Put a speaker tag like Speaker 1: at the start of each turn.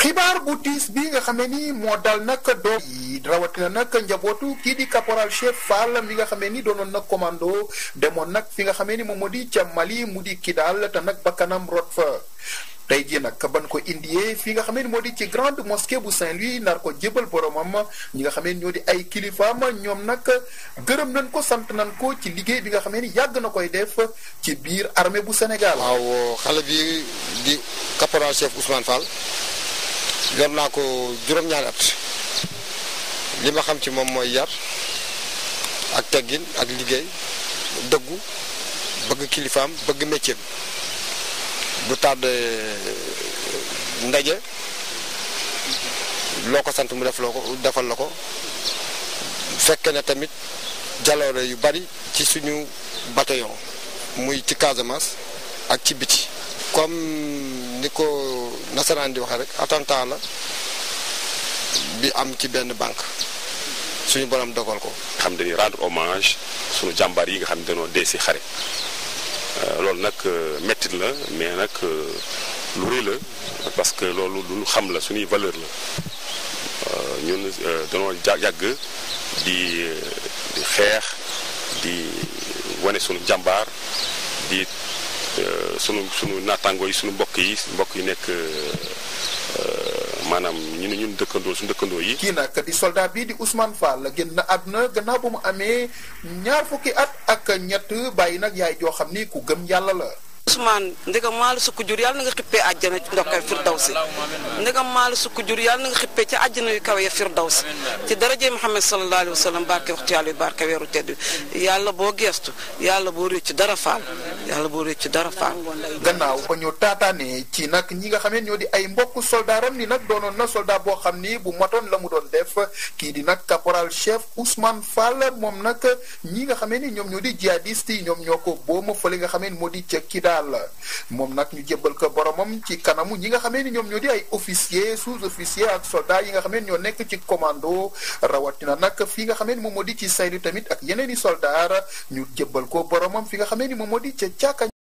Speaker 1: xibaar bu tiis bi nga xam ne ni moo dal nag doom yi rawatina nag njabootu kii di caporal chef Fall mi nga xam ne ni doonoon nag commando demoon nag fi nga xam ne ni moom moo di ca Mali mu di Kidal te nag bakkanam rot fa. tey jii nag ban ko indiyee fii nga xam ne moo di ci grande mosquée bu Saint-Louis nar ko jébal boromam ñi nga xam ne ñoo di ay kilifaam ñoom nag gërëm nañ ko sant nan ko ci liggéey bi nga xam ne yàgg na koy def ci biir armée bu Sénégal. waaw xale bi di caporal chef Ousmane Fall yor naa ko
Speaker 2: juróom-ñaari li ma xam ci moom mooy yar ak teggin ak liggéey dëggu bëgg kilifaam bëgg métier du tardé ndaje loo ko sant mu def loo ko defal la ko fekke na tamit jaloore yu bari ci suñu bataillon muy ci Casamance ak ci biti comme ni ko nasaraan di waxee rek attentat la bi am ci benn banque suñu borom dogal ko
Speaker 3: xam ni rendre hommage suñu jàmbaar yi nga xam ne dañoo dee si xare Euh, loolu nak euh, metti la mais nak euh, lu rëy la parce que loolu lu xam la suñu valeur la ñun danoo yàgg di di xeex di wane suñu jàmbaar di suñu suñu naataangoo yi suñu mbokk yi mbokk yi nekk maanaam ñu ñun dëkkandoo
Speaker 1: suñu dëkkandoo yi. kii nag di soldat bi di Ousmane Fall génn àdduna gannaaw ba mu amee ñaar fukki at ak ñett bàyyi nag yaay joo xam ni ku gëm yàlla la. Ousmane
Speaker 4: ndegam maalu sukk jur yàlla na nga xippee àjjana ndokkal firdawsi ndegam maalu sukk jur yàlla na nga xippee ci àjjana yu kawe ya firdawsi ci daraje Muhammad sallallahu alayhi wa sallam barke waxtu yàlla yu barke weeru tedd bi yàlla boo geestu yàlla boo réccu dara faal yàlla boo réccu dara faal. gannaaw
Speaker 1: ba ñu taataanee ci nag ñi nga xam ne ñoo di ay mbokku soldaaram ni nag doonoon na soldat boo xam ni bu matoon la doon def kii di nag caporal chef Ousmane Fall moom nag ñi nga xam ni ñoom ñoo Sénégal moom nag ñu jébbal ko boromam ci kanamu ñi nga xamee ni ñoom ñoo di ay officier sous-officier ak soldat yi nga xamee ni ñoo nekk ci commando rawatina nag fi nga xamee ni moom moo di ci saylu tamit ak yeneen i soldat ñu jébbal ko boromam fi nga xamee ni moom moo di ca caaka